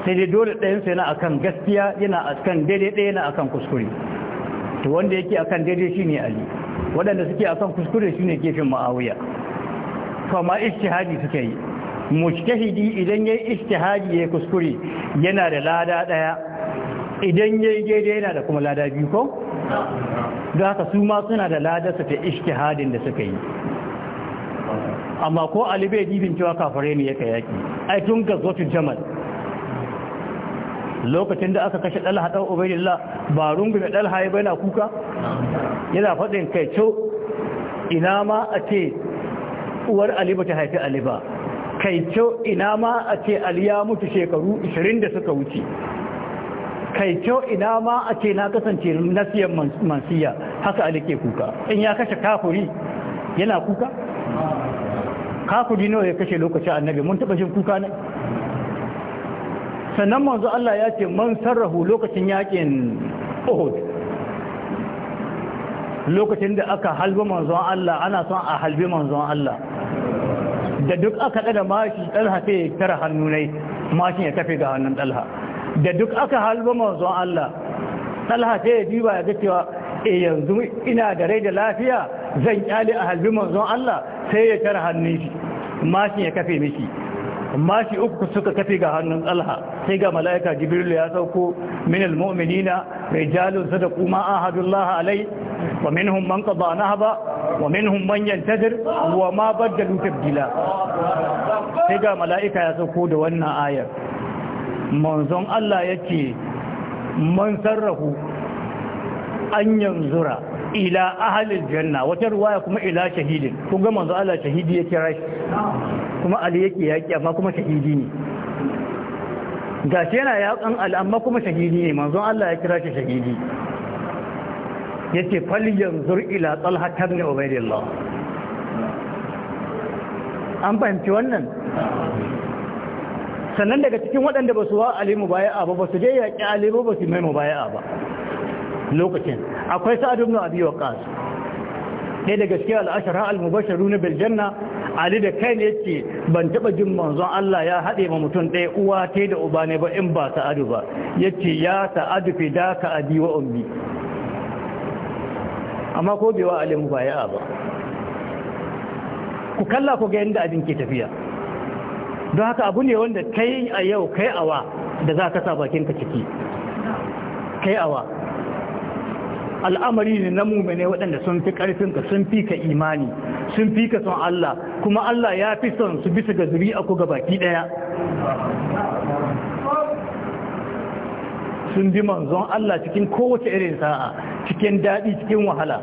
[SPEAKER 2] sai dai dole ɗayan sai na akan gaskiya yana akan daidai ɗaya yana akan kuskure to wanda yake akan daidai shine ali waɗanda suke akan kuskure shine gefen ma'awiya To kama ijtihadi suke yi mujtahidi idan yayi ijtihadi yayi kuskure yana da lada ɗaya. idan yayi daidai yana da kuma lada biyu ko Da haka su ma suna da ladarsa ta ishtihadin da suka yi amma ko ali bai cewa kafare ne ka yaki ai tun gazwatu jamal lokacin da aka kashe ɗalha ɗan ubaydillah ba rungu da ɗalha ya baina kuka yana faɗin kai co ina ma a ce uwar ali ba ta haifi ali ba kai co ina ma a ce ali ya mutu shekaru 20 da suka wuce kai kyau ina ma a ce na kasance na siyan mansiya haka alike kuka in ya kashe kafuri yana kuka kafuri nawa ya kashe lokacin annabi mun taba shi kuka ne sannan manzo Allah ya ce man sarrahu lokacin yakin Uhud lokacin da aka halbi manzon Allah ana son a halbi manzon Allah da duk aka ɗaga mashi ɗalha sai ya tara hannu ne mashin ya tafi ga hannun ɗalha da duk aka halba manzon Allah talha sai ya diba ya ga cewa e yanzu ina da rai da lafiya zan kyale a halbi manzon Allah sai ya tara hannun shi mashin ya kafe miki mashi uku suka kafe ga hannun talha sai ga mala'ika jibril ya sauko min almu'minina rijalun sadaqu ma ahadullah alai wa minhum man qada nahba wa minhum man yantazir wa ma badalu tabdila sai ga mala'ika ya sauko da wannan ayar manzon Allah ya ce man sarrahu an yanzura ila ahalin janna wata ruwaya kuma ila shahidin kun ga manzon Allah shahidi ya kira shi kuma ali yake yaki amma kuma shahidi ne gashi yana yakan Ali, amma kuma shahidi ne manzon Allah ya kira shi shahidi yace fal yanzur ila talha ibn ubaydillah an fahimci wannan sannan daga cikin waɗanda ba su wa baya a ba ba su je yaƙi ali ba su mai a ba lokacin akwai sa'ad ibn abi waqas ɗaya daga cikin al'ashara al-mubasharu na biljanna ali da kai ne ce ban taɓa jin manzon Allah ya haɗe ma mutum ɗaya uwa ta da uba ne ba in ba sa'adu ba ya ce ya sa'adu fi da ka abi wa umbi amma ko bewa alimu ba ya ba ku kalla ku ga yadda abin ke tafiya don haka abu ne wanda kai a yau kai awa da za ka sa bakinka ciki kai awa al'amari ne na mumene waɗanda sun fi ƙarfinka sun fi ka imani sun fi ka son Allah kuma Allah ya fi son su bisa ga zuri a ga baki ɗaya sun bi manzon Allah cikin kowace irin sa'a cikin daɗi cikin wahala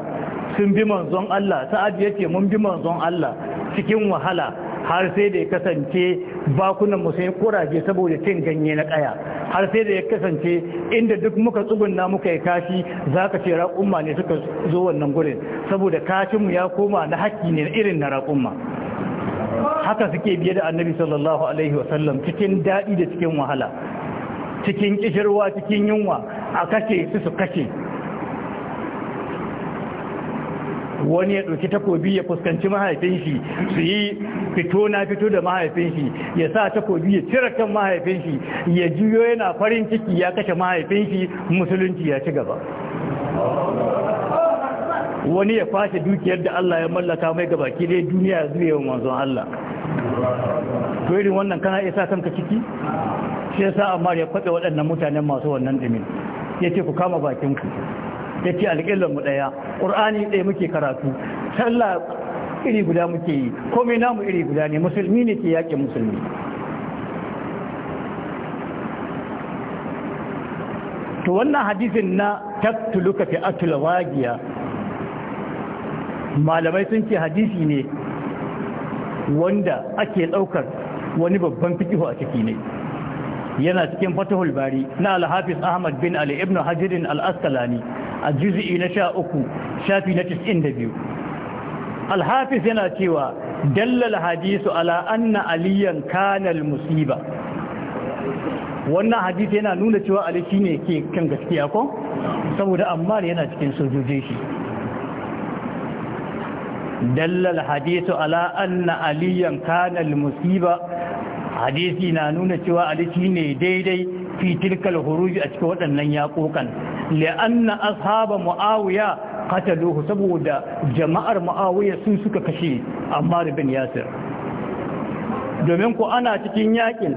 [SPEAKER 2] sun bi manzon Allah sa'ad ya ce mun bi manzon Allah cikin wahala har sai da ya kasance bakunan mu sai kuraje saboda cin ganye na ƙaya har sai da ya kasance inda duk muka tsugunna muka yi kashi za ka ce raƙumma ne suka zo wannan gurin saboda kashinmu mu ya koma na haƙƙi ne irin na raƙumma haka suke biye da annabi sallallahu alaihi wasallam cikin daɗi da cikin wahala cikin kishirwa cikin yunwa a kashe su su kashe wani ya ɗauki takobi ya fuskanci mahaifin shi su yi fito na fito da mahaifin shi ya sa takobi ya cire kan mahaifin shi ya juyo yana farin ciki ya kashe mahaifin shi musulunci ya ci gaba wani ya kwashe dukiyar da Allah ya mallaka mai gabaki dai duniya ya zuwa manzon Allah to irin wannan kana sa kanka ciki shi yasa amma ya kwabe waɗannan mutanen masu wannan Ya ce ku kama bakin ku ya ce alƙillanmu ɗaya ƙur'ani ɗaya muke karatu sallah iri guda muke yi komai namu iri guda ne musulmi ne ke yaƙin musulmi to wannan hadisin na tattuluka fi atula wagiya malamai sun ce hadisi ne wanda ake ɗaukar wani babban fikihu a ciki ne yana cikin fatahul bari na Alhafis ahmad bin ali ibn hajjirin al-askalani a juzi'i na sha uku shafi na tis'in da biyu Alhafis yana cewa dallal hadisu ala anna aliyan kanal musiba wannan hadisi yana nuna cewa ali shi ne ke kan gaskiya ko saboda amma yana cikin sojoji shi dallal hadisu ala anna aliyan kanal musiba hadisi na nuna cewa ali shi ne daidai fi tilkal huruji a cikin waɗannan yaƙoƙan li'anna ashaba muawiya qataluhu saboda jama'ar muawiya sun suka kashe ammar bin yasir domin ku ana cikin yakin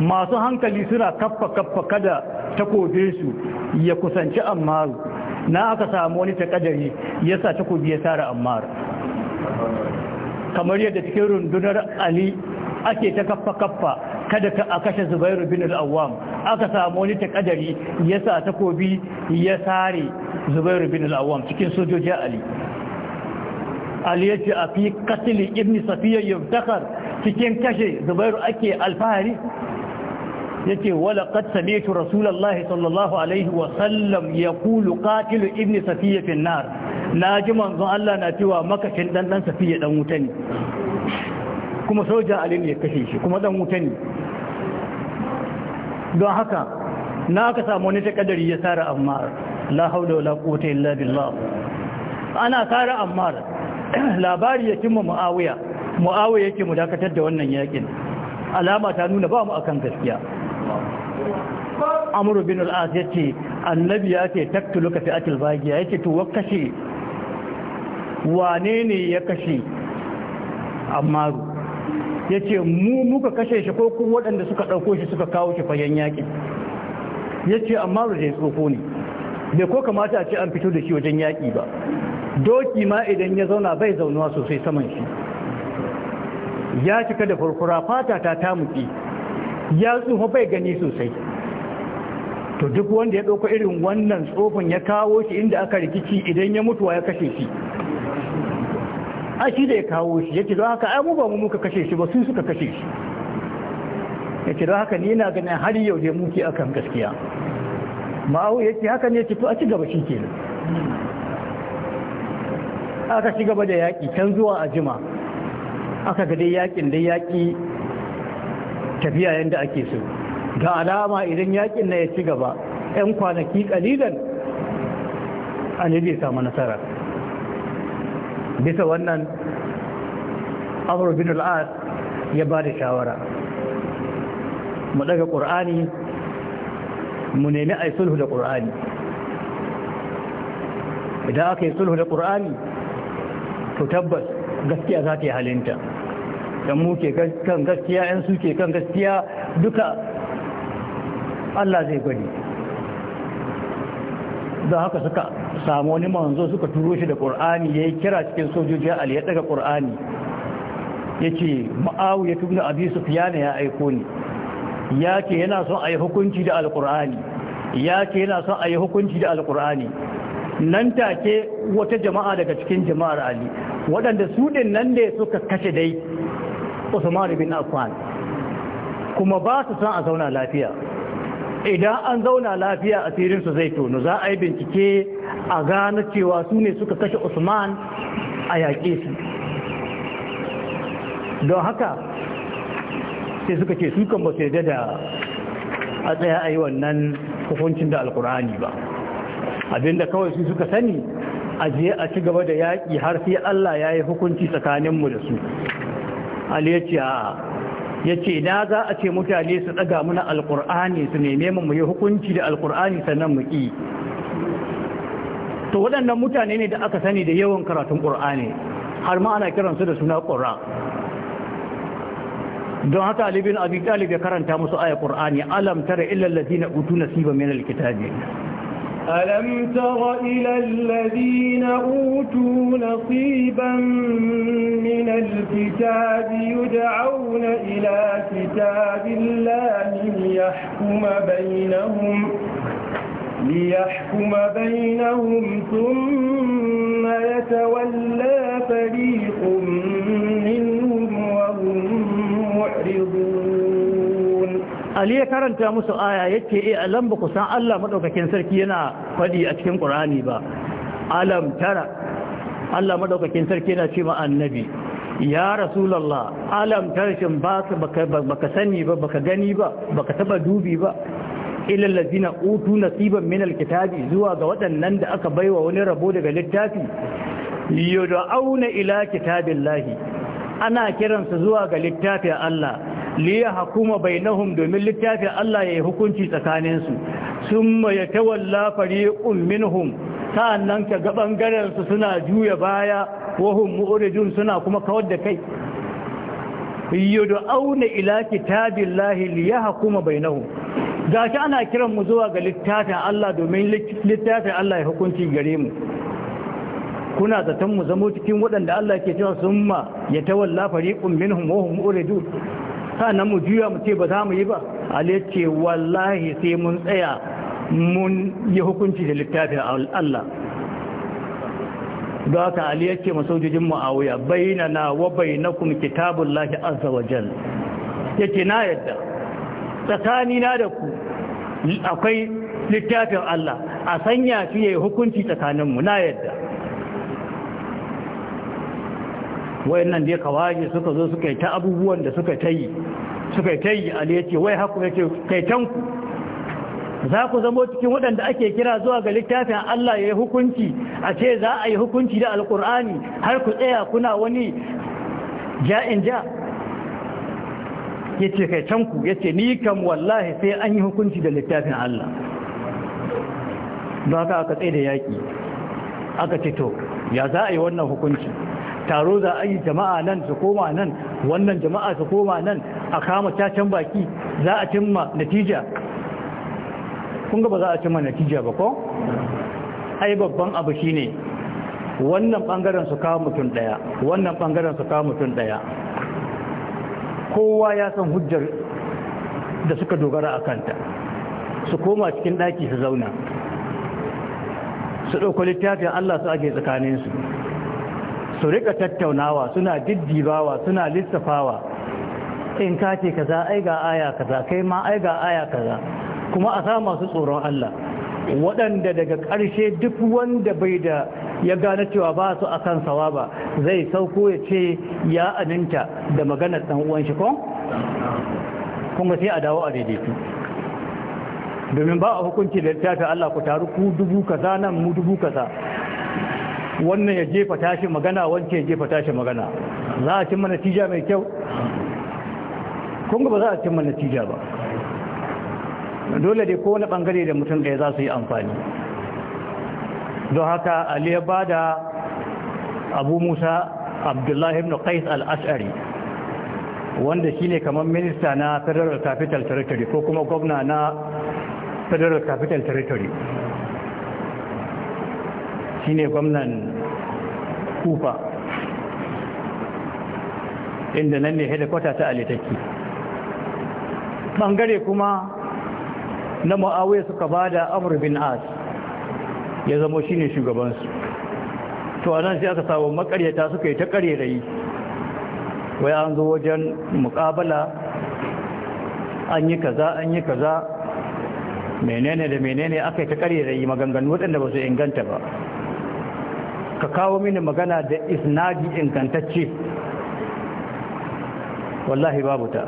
[SPEAKER 2] masu hankali suna kaffa kaffa kada takobe su ya kusanci ammar na aka samu wani takadari yasa takobi ya tara ammar kamar yadda cikin rundunar ali ake ta kaffa kaffa kada ka a kashe zubairu bin al'awam aka samu wani ta kadari ya sa takobi ya sare zubairu bin al'awam cikin sojoji ali ali ya ce a fi katili ibn safiya yabtakar cikin kashe zubairu ake alfahari ya ce wala kad sami'tu Rasulallah sallallahu alaihi Wasallam ya kulu katilu ibn safiya fi nar na ji manzon Allah na cewa makashin dan safiya dan wuta ne kuma soja ali ne ya kashe shi kuma dan wuta ne don haka na aka samu wani takadari ya tsara ammar la haula wala quwwata illa billah ana tsara ammar labari ya cimma muawiya muawiya yake mu dakatar da wannan yakin alama ta nuna ba mu akan gaskiya amru bin al-as yace annabi yake lokaci fi atil bagiya yace to wakashe wane ne ya kashe ammaru ya ce mu muka kashe shi ko kuma waɗanda suka ɗauko shi suka kawo shi fagen yaƙi ya ce amma rujai tsoko ne bai ko kamata a ce an fito da shi wajen yaƙi ba doki ma idan ya zauna bai zaunuwa sosai saman shi ya cika da furfura fata ta tamuki ya tsufa bai gani sosai to duk wanda ya ɗauko irin wannan tsofin ya kawo shi inda aka rikici idan ya mutuwa ya kashe shi a shi da ya kawo shi yake don haka ai mu ba mu muka kashe shi ba su suka kashe shi yake don haka ni na ganin har yau dai muke akan gaskiya ma'au yake haka ne ce to a ci gaba shi kenan aka ci gaba da yaƙi can zuwa a jima aka ga dai yaƙin dai yaƙi tafiya yadda ake so ga alama idan yaƙin na ya ci gaba 'yan kwanaki ƙalilan a ne zai samu nasara bisa wannan amur bin al'ad ya ba da shawara mu daga ƙur'ani mu nemi a yi sulhu da ƙur'ani idan aka yi sulhu da ƙur'ani to tabbas gaskiya za ta yi halinta don mu ke kan gaskiya 'yan su ke kan gaskiya duka Allah zai gwani don haka suka samu wani manzo suka turo shi da ƙur'ani ya yi kira cikin sojoji a ya daga ƙur'ani ya ce ma'awu ya tuni abin su fiyana ya aiko ni ya ce yana son a yi hukunci da alƙur'ani ya ce yana son a yi hukunci da alƙur'ani nan take wata jama'a daga cikin jama'ar ali waɗanda su ɗin nan da suka kashe dai usman bin affan kuma ba su san a zauna lafiya idan an zauna lafiya a asirinsu zai tono za a yi bincike a gane cewa su ne suka kashe usman a yaƙe su don haka sai suka ce sukan ba su da a tsaya a yi wannan hukuncin da alkur'ani ba abinda kawai su suka sani a je a ci gaba da yaƙi har sai allah ya yi hukunci tsakaninmu da su ali ya ce ya ce na za a ce mutane su ɗaga muna Alkur'ani su neme mu yi hukunci da Alkur'ani sannan mu ƙi to waɗannan mutane ne da aka sani da yawan karatun ƙur'ani har ma ana kiransu da suna ƙura don haka alibin abi talib ya karanta musu aya ƙur'ani alam tara illallazi na utu nasiba min alkitabi ألم تر إلى الذين أوتوا نصيبا من الكتاب يدعون إلى كتاب الله ليحكم بينهم ليحكم بينهم ثم
[SPEAKER 1] يتولى فريق
[SPEAKER 2] ali ya karanta musu aya yake eh alam ba ku san Allah madaukakin sarki yana faɗi a cikin Qur'ani ba alam tara Allah madaukakin sarki yana cewa annabi ya rasulullah alam tarshin ka baka sani ba baka gani ba baka taba dubi ba ila allazina utu nasiban min alkitabi zuwa ga waɗannan da aka baiwa wani rabo daga littafi yud'auna ila kitabillahi ana kiransa zuwa ga littafin Allah liya hakuma bainahum domin littafin Allah ya yi hukunci tsakaninsu sun ya tawalla fari'un minhum nan ka ga bangaren su suna juya baya wahum mu'ridun suna kuma kawar da kai auna ila kitabillahi liyahkuma bainahum gashi ana kiran mu zuwa ga littafin Allah domin littafin Allah ya hukunci gare mu kuna zaton mu zamo cikin waɗanda Allah ke cewa summa ya tawalla fariqun minhum wa hum uridu sannan mu juya mu ce ba za mu yi ba ali ce wallahi sai mun tsaya mun yi hukunci da littafin Allah da haka ali yake masojojin muawiya na wa bainakum kitabullahi azza wa jal yake na yadda tsakani na da ku akwai littafin Allah a sanya shi yayi hukunci tsakaninmu na yadda wayannan dai kawaje suka zo suka yi ta abubuwan da suka ta yi suka ta yi ali yace wai haku yace kai tanku za ku zamo cikin waɗanda ake kira zuwa ga littafin Allah ya yi hukunci a ce za a yi hukunci da alkur'ani har ku tsaya kuna wani ja'in ja ya ce kai canku ya ce ni kam wallahi sai an yi hukunci da littafin Allah don haka aka tsaye da yaƙi aka ce to ya za a yi wannan hukunci taro za a yi jama'a nan su koma nan wannan jama'a su koma nan a kama cacen baki za a cimma natija kun ga ba za a cimma natija ba ko ai babban abu shine wannan bangaren su kawo mutum daya wannan bangaren su kawo mutum daya kowa ya san hujjar da suka dogara a kanta su koma cikin daki su zauna su ɗauko littafin Allah su ake tsakaninsu su rika tattaunawa suna diddibawa suna lissafawa in ka ce kaza ai ga aya kaza kai ma ai ga aya kaza kuma a sa masu tsoron Allah waɗanda daga ƙarshe duk wanda bai da ya gane cewa ba su a kan sawa ba zai sauko ya ce ya aminta da maganar ɗan uwan shi kon? kuma sai a dawo a daidaitu domin ba a hukunci da littafin Allah ku taru ku dubu kaza nan mu dubu kaza wannan ya jefa tashi magana wancan ya jefa tashi magana za a cimma natija mai kyau kunga ba za a cimma natija ba dole dai kowane bangare da mutum ɗaya za su yi amfani don haka ali ya ba da abu musa abdullahi ibn qais al-ash'ari wanda shi ne kamar minista na federal capital territory ko kuma gwamna na federal capital territory shine gwamnan kufa inda nan ne hedikwata ta alitaki ɓangare kuma na ma'awai suka ba da amur bin as ya zamo ne shugabansu to a nan sai aka samu makaryata suka yi ta karerai wai an zo wajen mukabala an yi kaza an yi kaza menene da menene aka yi ta karerai maganganu waɗanda ba su inganta ba ka kawo mini magana da isnadi ingantacce wallahi babu ta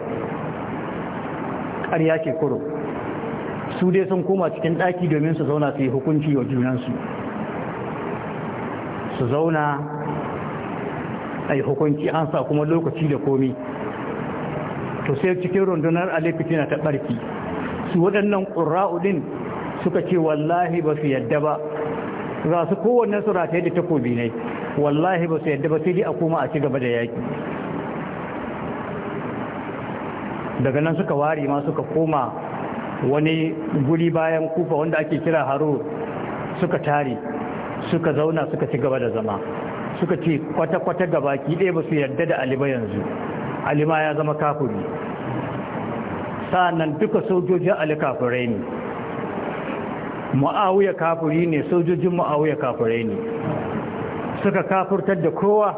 [SPEAKER 2] ƙarya ke kuro su dai sun koma cikin ɗaki domin su zauna su yi hukunci wa junansu su zauna a yi hukunci an sa kuma lokaci da komi to sai cikin rundunar alifiti ta ɓarki su waɗannan ƙura'udin suka ce wallahi ba su yadda ba za su kowanne su rataye da takobi ne wallahi ba su yadda ba sai dai a koma a ci gaba da yaƙi daga nan suka ware ma suka koma wani guri bayan kufa wanda ake kira haro suka tare suka zauna suka ci gaba da zama suka ce kwata-kwata ki ɗaya ba su yarda da alima yanzu alima ya zama kafuri nan duka sojojin alikafurai ne mu'awiya kafuri ne sojojin mu'awiya kafurai ne suka kafurtar da kowa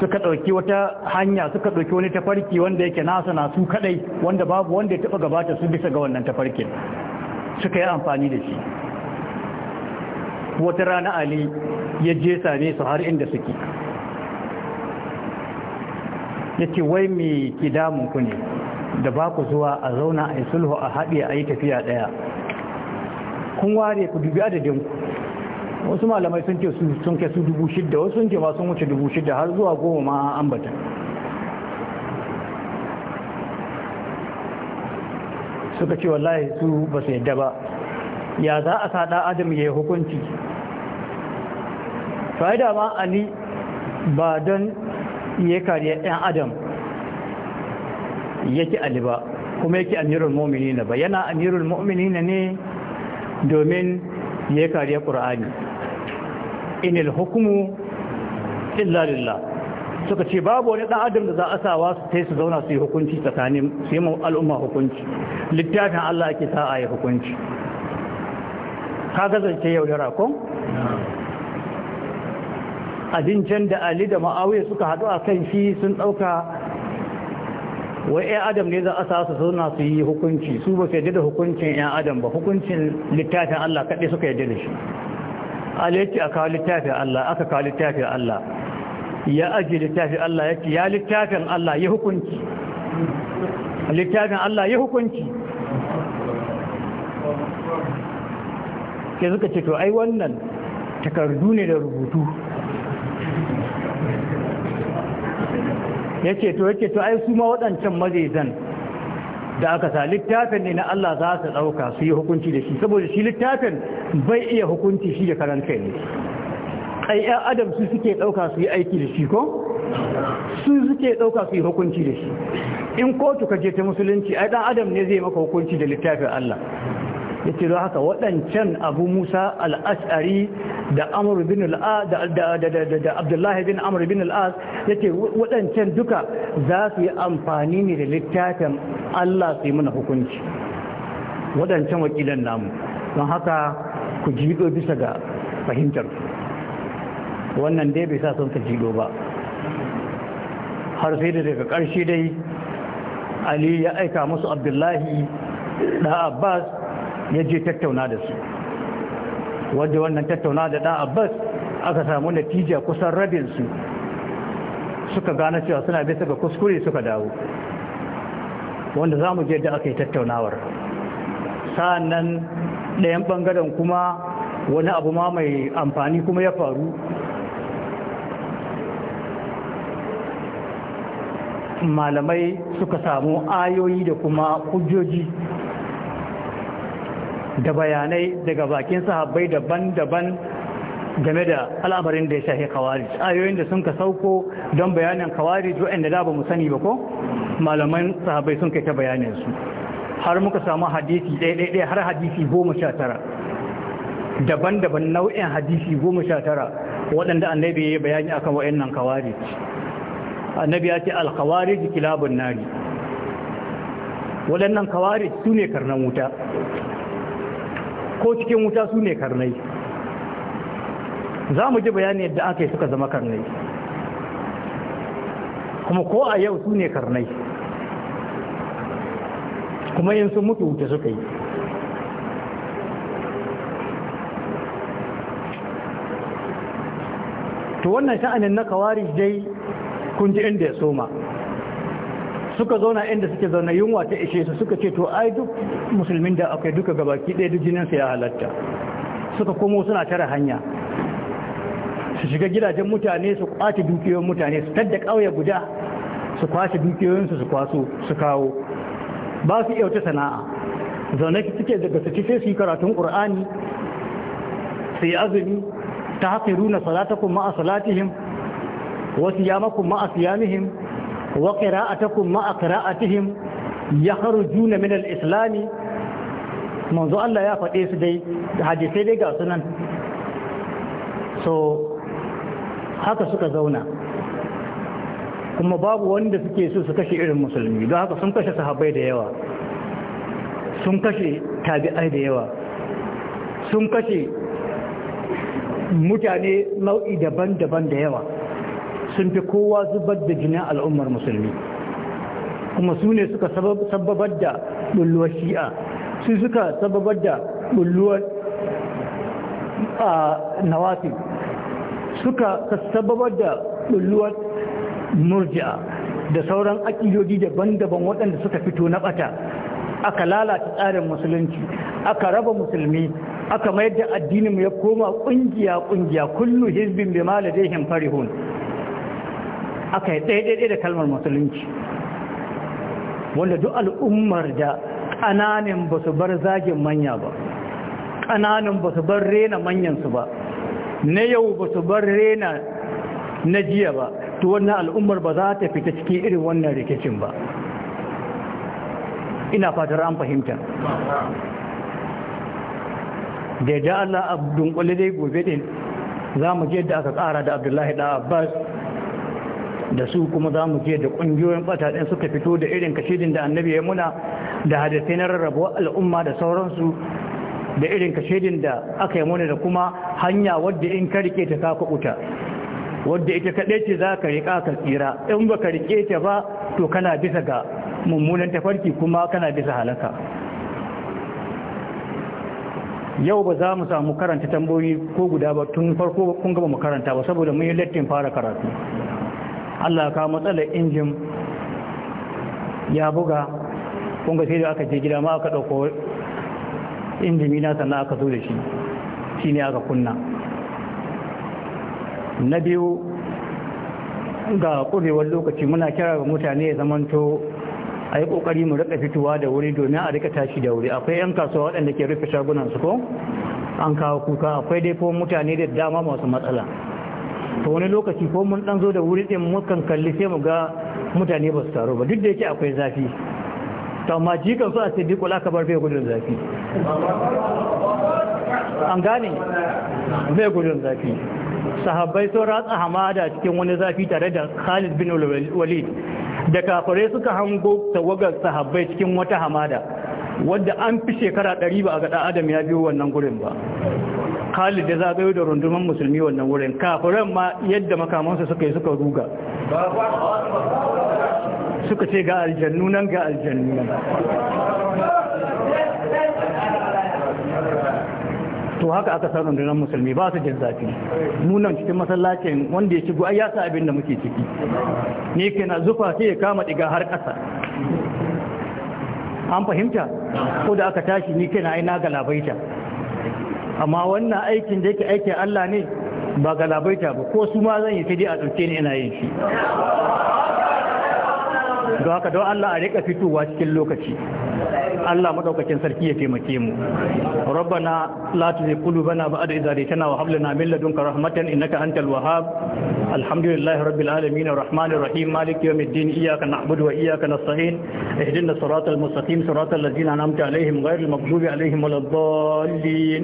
[SPEAKER 2] suka ɗauki wata hanya suka ɗauki wani tafarki wanda yake nasa na su kaɗai wanda babu wanda ya taɓa gabata su bisa ga wannan tafarkin suka yi amfani da shi wata rana ali ya je same su har inda suke ya ce wai mai ki ku ne da ba ku zuwa a zauna a yi sulhu a haɗe a yi tafiya ɗaya kun ware ku dubi adadin ku wasu malamai sun ce sun kai su dubu shidda wasu sun ce ma sun wuce dubu shidda har zuwa goma ma ambata suka ce wallahi su ba su yadda ba ya za a sada adam ya yi hukunci fa'ida ma ali ba don ya kariya 'yan adam yake ali ba kuma yake amirul mu'minina ba yana amirul mu'minina ne domin ya yi kariya ƙura'ani inil hukumu illalillah suka ce babu wani ɗan adam da za a sawa su ta su zauna su yi hukunci tsakanin su yi al'umma hukunci littafin Allah ake sa a yi hukunci ka gazance yau da rakon? abincin da ali da ma'awai suka haɗu a kan shi sun ɗauka wai 'yan adam ne za a sa su suna su yi hukunci su ba su yadda da hukuncin 'yan adam ba hukuncin littafin Allah kaɗai suka yadda da shi alaiki a kawo littafin Allah aka kawo littafin Allah ya aji littafin Allah ya ce ya littafin Allah ya hukunci littafin Allah ya hukunci ke suka ce to ai wannan takardu ne da rubutu ce to yake to ai su ma waɗancan mazaizan da aka sa littafin ne na Allah za su ɗauka su yi hukunci da shi saboda shi littafin bai iya hukunci shi da karan kai ne ai ƴan adam su suke ɗauka su yi aiki da shi ko su suke ɗauka su yi hukunci da shi in kotu ka je ta musulunci ai ɗan adam ne zai maka hukunci da littafin Allah ya ce don haka waɗancan abu musa al’as’ari da abdullahi bin amuru bin al'as ya ce waɗancan duka za su yi amfani ne da littafin allah su yi mana hukunci waɗancan wakilan namu don haka ku jido bisa ga fahimtar wannan dai bai sa sun ka jido ba har sai da daga ƙarshe dai ali ya aika musu abdullahi da abbas ya je tattauna da su wadda wannan tattauna da ɗan abbas aka samu natija kusan su suka gane cewa suna bisa ga kuskure suka dawo wanda za mu je da aka yi tattaunawar sa'annan ɗayan ɓangaren kuma wani abu ma mai amfani kuma ya faru malamai suka samu ayoyi da kuma hujjoji da bayanai daga bakin sahabbai daban-daban game da al'amarin da ya shafi kawarij ayoyin da sun ka sauko don bayanin kawarij waɗanda da ba mu sani ba ko malaman sahabbai sun kai ta bayanin su har muka samu hadisi ɗaya-ɗaya har hadisi goma sha tara daban-daban nau'in hadisi goma sha tara waɗanda annabi ya yi bayani akan waɗannan kawarij annabi ya ce alkawarij kilabun nari waɗannan kawarij su ne karnan wuta ko cikin wuta su ne karnai za mu ji bayani yadda aka yi suka zama karnai kuma ko a yau su ne karnai kuma yin sun mutu wuta suka yi to wannan sha'anin na kawari dai kun ji inda ya soma suka zauna inda suke zauna yunwa ta ishe su suka ce to ai duk musulmin da akwai duka gabaki ɗaya duk jininsa ya halatta suka komo suna tara hanya su shiga gidajen mutane su kwace dukiyoyin mutane su tadda ƙauye guda su kwace dukiyoyinsu su kwaso su kawo ba su iya sana'a zaune suke daga su su yi karatun ƙur'ani su yi azumi ta haƙiru na salatakun ma'a salatihim wasu yamakun ma'a siyamihim wa qira'atukum ma qira'atihim yakhrujuna min al-islam manzo Allah ya faɗe su dai hadisi dai ga sunan so haka suka zauna kuma babu wanda suke so su kashe irin musulmi don haka sun kashe sahabbai da yawa sun kashe tabi'ai da yawa sun kashe mutane nau'i daban-daban da yawa sun fi kowa zubar da jinin al'ummar musulmi kuma su ne suka sababar da bulluwar shi'a su suka sababar da bulluwar a nawafi suka sababar da bulluwar murji'a da sauran akidodi daban-daban waɗanda suka fito na ɓata aka lalata tsarin musulunci aka raba musulmi aka mayar da addininmu ya koma ƙungiya-ƙungiya kullu hizbin bi ma ladayhim farihun aka yi ɗaiɗaiɗai da kalmar musulunci wanda duk al'ummar da ƙananan ba su bar zagin manya ba ƙananan ba su bar rena manyansu ba na yau ba su bar rena na jiya ba to wannan al'ummar ba za ta fita cikin irin wannan rikicin ba ina fatar an fahimta da ya Allah a dai gobe din za mu je da aka tsara da abdullahi da abbas da su kuma za mu je da ƙungiyoyin ɓataɗin suka fito da irin kashidin da annabi ya muna da hadisai na rarrabuwar al'umma da sauransu da irin kashidin da aka yi muna da kuma hanya wadda in ka rike ta ka kuɓuta wadda ita kaɗai ce za ka rika ka tsira in ba ka riƙe ta ba to kana bisa ga mummunan tafarki kuma kana bisa halaka yau ba za mu samu karanta tambayoyi ko guda ba tun farko kun gaba mu ba saboda mun yi lattin fara karatu Allah ka matsalar injin ya buga kunga sai da aka je gida ma aka ɗauko injimi na sannan aka zo da shi shi ne aka kunna na biyu ga ƙurewar lokaci muna kira ga mutane ya zamanto a yi ƙoƙari mu rika fitowa da wuri domin a rika tashi da wuri akwai 'yan kasuwa waɗanda ke rufe shagunan su ko an kawo kuka akwai dai mutane da dama masu matsala to wani lokaci ko mun dan zo da wuri din mukan kalli sai mu ga mutane ba su taru ba duk da yake akwai zafi to amma jikan su a ka bar bai gudun zafi an gane bai gudun zafi sahabbai sun ratsa hamada cikin wani zafi tare da Khalid bin Walid da kafare suka hango tawagar sahabbai cikin wata hamada wadda an fi shekara ɗari ba a ga adam ya biyo wannan gurin ba Khalid da zagayo da rundunar musulmi wannan wurin kafiran ma yadda makamansu suka yi suka ruga suka ce ga aljannu nan ga aljannu nan to haka aka san rundunar musulmi ba su jin zafi munan cikin masallacin wanda ya shigo ai ya sa abin da muke ciki ne ke na zufa sai ya kama diga har ƙasa an fahimta ko da aka tashi ni ke na ai na galabaita amma wannan aikin da yake aikin Allah ne ba galabaita ba ko su ma zan yi sai dai a ɗauke ni ina yin shi don haka don Allah a rika fitowa cikin lokaci Allah madaukakin sarki ya taimake mu rabbana la tuzigh qulubana ba'da idh hadaytana wa hab lana min ladunka rahmatan innaka antal wahhab alhamdulillahi rabbil alamin arrahmanir rahim maliki yawmiddin iyyaka na'budu wa iyyaka nasta'in ihdinas siratal mustaqim siratal ladzina an'amta alaihim ghayril maghdubi alaihim waladdallin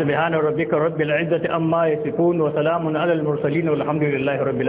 [SPEAKER 2] subhana rabbika rabbil izzati amma yasifun wa salamun alal mursalin walhamdulillahi rabbil